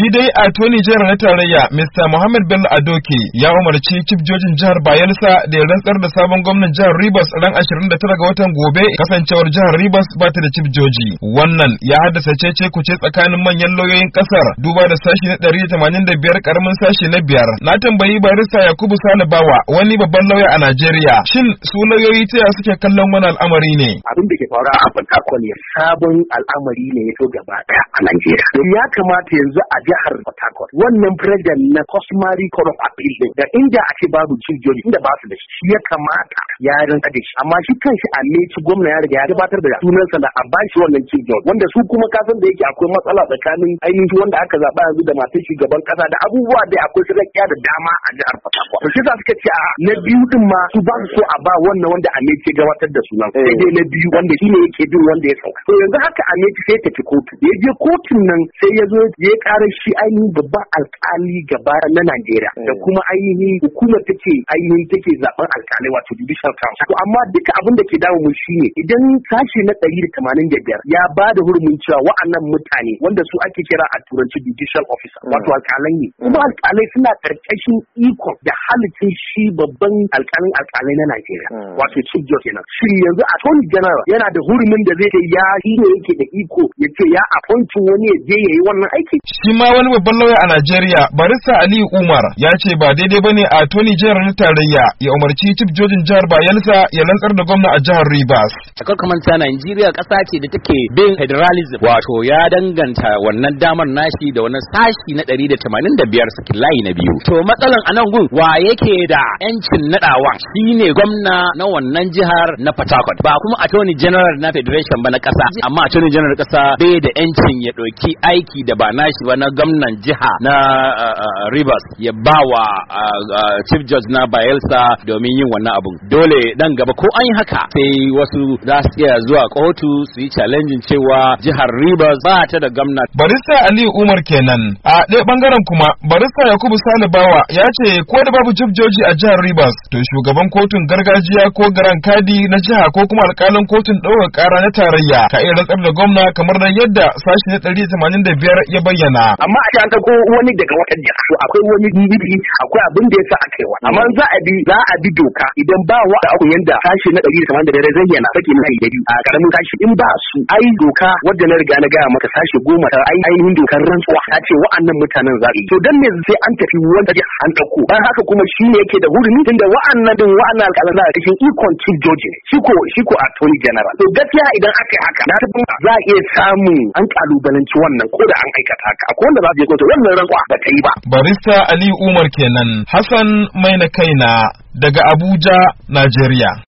Shi dai a toni jihar na tarayya Mr. Muhammad Bello Adoke ya umarci cif jojin jihar Bayelsa da ya rantsar da sabon gwamnan jihar Rivers ran 29 ga watan gobe kasancewar jihar Rivers ba ta da cif joji. Wannan ya haddasa cece kuce tsakanin manyan lauyoyin kasar duba da sashi na 185 karamin sashi na biyar. Na tambayi barista Yakubu Sani Bawa wani babban lauya a Najeriya. Shin su lauyoyi ta suke kallon wani al'amari ne? Abin da ke faruwa a Port sabon al'amari ne ya so gaba daya a Nigeria Ya kamata yanzu a jihar Port wannan president na customary court of appeal din da inda ake babu chief inda ba su da shi ya kamata ya rinka da shi amma shi kanshi a leci gwamna ya riga ya gabatar da sunansa da a shi wannan chief wanda su kuma kasan da yake akwai matsala tsakanin ainihin wanda aka zaba yanzu da matan shugaban kasa da abubuwa da akwai su da dama a jihar Port Harcourt to shi sa suka ce a na biyu din ma su ba su so a ba wannan wanda a leci gabatar da sunan sai dai na biyu wanda shi ne yake bin wanda ya sauka to yanzu haka a leci sai ci kotu ya je kotun nan sai ya zo ya karar shi ainihin babban alkali gaba na Najeriya da mm. kuma ainihin hukumar ta ainihin take zaben alkalai wato judicial council to amma duka abin da ke dawo mu shine idan sashi na ɗari da tamanin da biyar ya ba da hurumin cewa wa'annan mutane wanda su ake kira a turanci judicial officer mm. wato alkalai ne kuma mm. alkalai suna karkashin iko da halittin shi babban alkalin alkalai na Najeriya wato chief judge kenan shin yanzu attorney general yana da hurumin da zai ya shi ne yake da iko ya ce ya appoint wani ya je ya yi wannan aiki. ma wani babban lauya a Najeriya, barista Aliyu Umar, ya ce ba daidai bane a Tony Jihar na tarayya ya umarci Chief Jojin Jihar Bayelsa ya lantsar da gwamna a jihar Rivers. Kakar kamanta Najeriya ƙasa ce da take bin federalism wato ya danganta wannan damar nashi da wannan sashi na 185 sakin layi na biyu. To matsalan anan gun wa yake da 'yancin naɗawa shine gwamna na wannan jihar na Port ba kuma Attorney General na Federation ba na ƙasa amma Attorney General ƙasa bai da 'yancin ya ɗauki aiki da ba nashi ba na gwamnan jiha na uh, uh, Rivers ya ba wa uh, Chief Judge na Bayelsa domin yin wannan abun. Dole dan gaba ko an yi haka sai wasu za su iya zuwa kotu su yi challenging cewa jihar Rivers ba ta da gwamna. Barista Aliyu Umar kenan. A ɗaya bangaren kuma barista Yakubu Sani Bawa ya ce ko da babu jibjoji a jihar Rivers to shugaban kotun gargajiya ko garan kadi na jiha ko kuma alkalin kotun ɗaukar kara na tarayya ka iya rantsar da gwamna kamar na yadda sashi na biyar ya bayyana. amma a an ko wani daga wata jiha to akwai wani bibi akwai abin da yasa aka yi wa amma za a bi za a bi doka idan ba wa da yanda sashi na 185 zai yana sake mai da a karamin kashi in ba su ai doka wadda na riga na gaya maka sashi goma ta ai ainihin dokar rantsuwa ta ce wa'annan mutanen za to dan ne sai an tafi wanda jiha an dauko dan haka kuma shi ne yake da hurumi tunda wa'annan din wa'annan alƙalan za a cikin ikon chief judge shi ko shi ko attorney general to gaskiya idan aka yi haka na tabbata za a iya samun an kalubalanci wannan ko da an aikata haka wanda za su je kotu wannan rankwa da kai ba barista ali umar kenan hassan mai na kaina daga abuja najeriya